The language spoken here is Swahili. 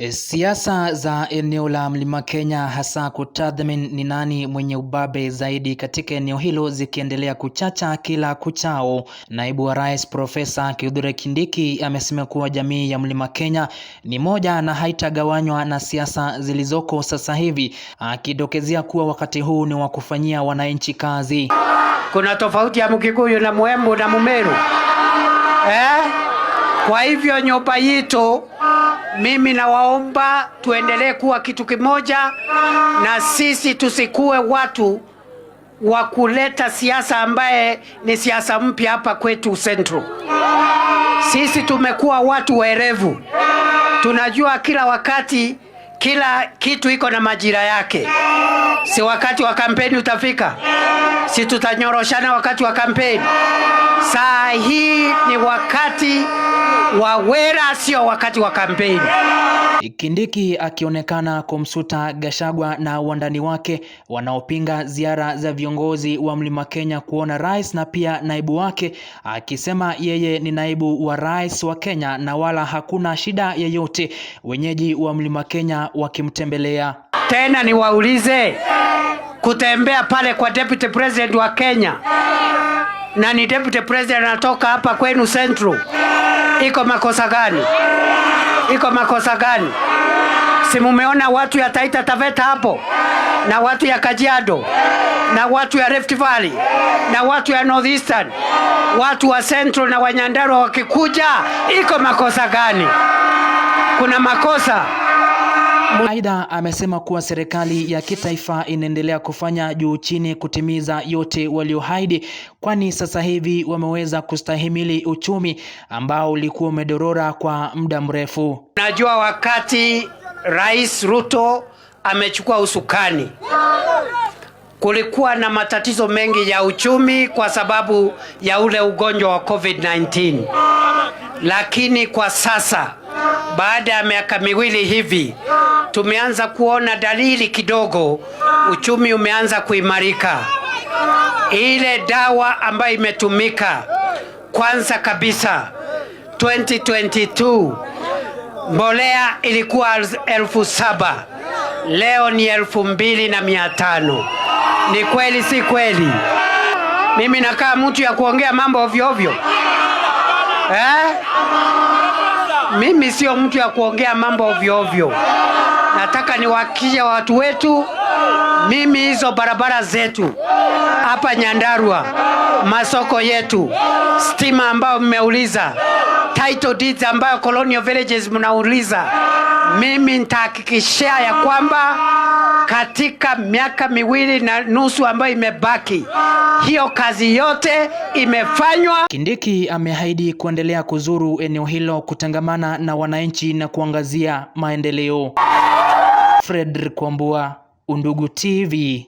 E, siasa za eneo la Mlima Kenya hasa kutathmini ni nani mwenye ubabe zaidi katika eneo hilo zikiendelea kuchacha kila kuchao. Naibu wa Rais Profesa Kithure Kindiki amesema kuwa jamii ya Mlima Kenya ni moja na haitagawanywa na siasa zilizoko sasa hivi, akidokezea kuwa wakati huu ni wa kufanyia wananchi kazi. Kuna tofauti ya Mkikuyu na Mwembu na Mumeru eh? Kwa hivyo nyumba yetu mimi nawaomba tuendelee kuwa kitu kimoja, na sisi tusikuwe watu wa kuleta siasa ambaye ni siasa mpya hapa kwetu Central. Sisi tumekuwa watu werevu, tunajua kila wakati kila kitu iko na majira yake. Si wakati wa kampeni utafika, si tutanyoroshana wakati wa kampeni? Saa hii ni wakati Wawera sio wakati wa kampeni. Kindiki akionekana kumsuta Gashagwa na wandani wake wanaopinga ziara za viongozi wa Mlima Kenya kuona rais na pia naibu wake, akisema yeye ni naibu wa rais wa Kenya na wala hakuna shida yeyote, wenyeji wa Mlima Kenya wakimtembelea. Tena niwaulize, kutembea pale kwa deputy president wa Kenya na ni deputy president anatoka hapa kwenu Central, iko makosa gani? Iko makosa gani? Si mumeona watu ya Taita Taveta hapo na watu ya Kajiado na watu ya Rift Valley na watu ya Northeastern, watu wa Central na Wanyandarua wakikuja, iko makosa gani? Kuna makosa Aidha, amesema kuwa serikali ya kitaifa inaendelea kufanya juu chini kutimiza yote walioahidi, kwani sasa hivi wameweza kustahimili uchumi ambao ulikuwa umedorora kwa muda mrefu. Najua wakati Rais Ruto amechukua usukani kulikuwa na matatizo mengi ya uchumi kwa sababu ya ule ugonjwa wa COVID-19, lakini kwa sasa baada ya miaka miwili hivi tumeanza kuona dalili kidogo, uchumi umeanza kuimarika. Ile dawa ambayo imetumika kwanza kabisa 2022 mbolea ilikuwa elfu saba leo ni elfu mbili na mia tano. Ni kweli si kweli? Mimi nakaa mtu ya kuongea mambo ovyo ovyo eh? Mimi sio mtu ya kuongea mambo ovyo ovyo. Nataka niwahakikishie watu wetu, mimi hizo barabara zetu hapa Nyandarua, masoko yetu, stima ambayo mmeuliza, title deeds ambayo colonial villages mnauliza, mimi nitahakikishia ya kwamba katika miaka miwili na nusu ambayo imebaki hiyo kazi yote imefanywa. Kindiki ameahidi kuendelea kuzuru eneo hilo kutangamana na wananchi na kuangazia maendeleo. Fredrick Kwambua, Undugu TV.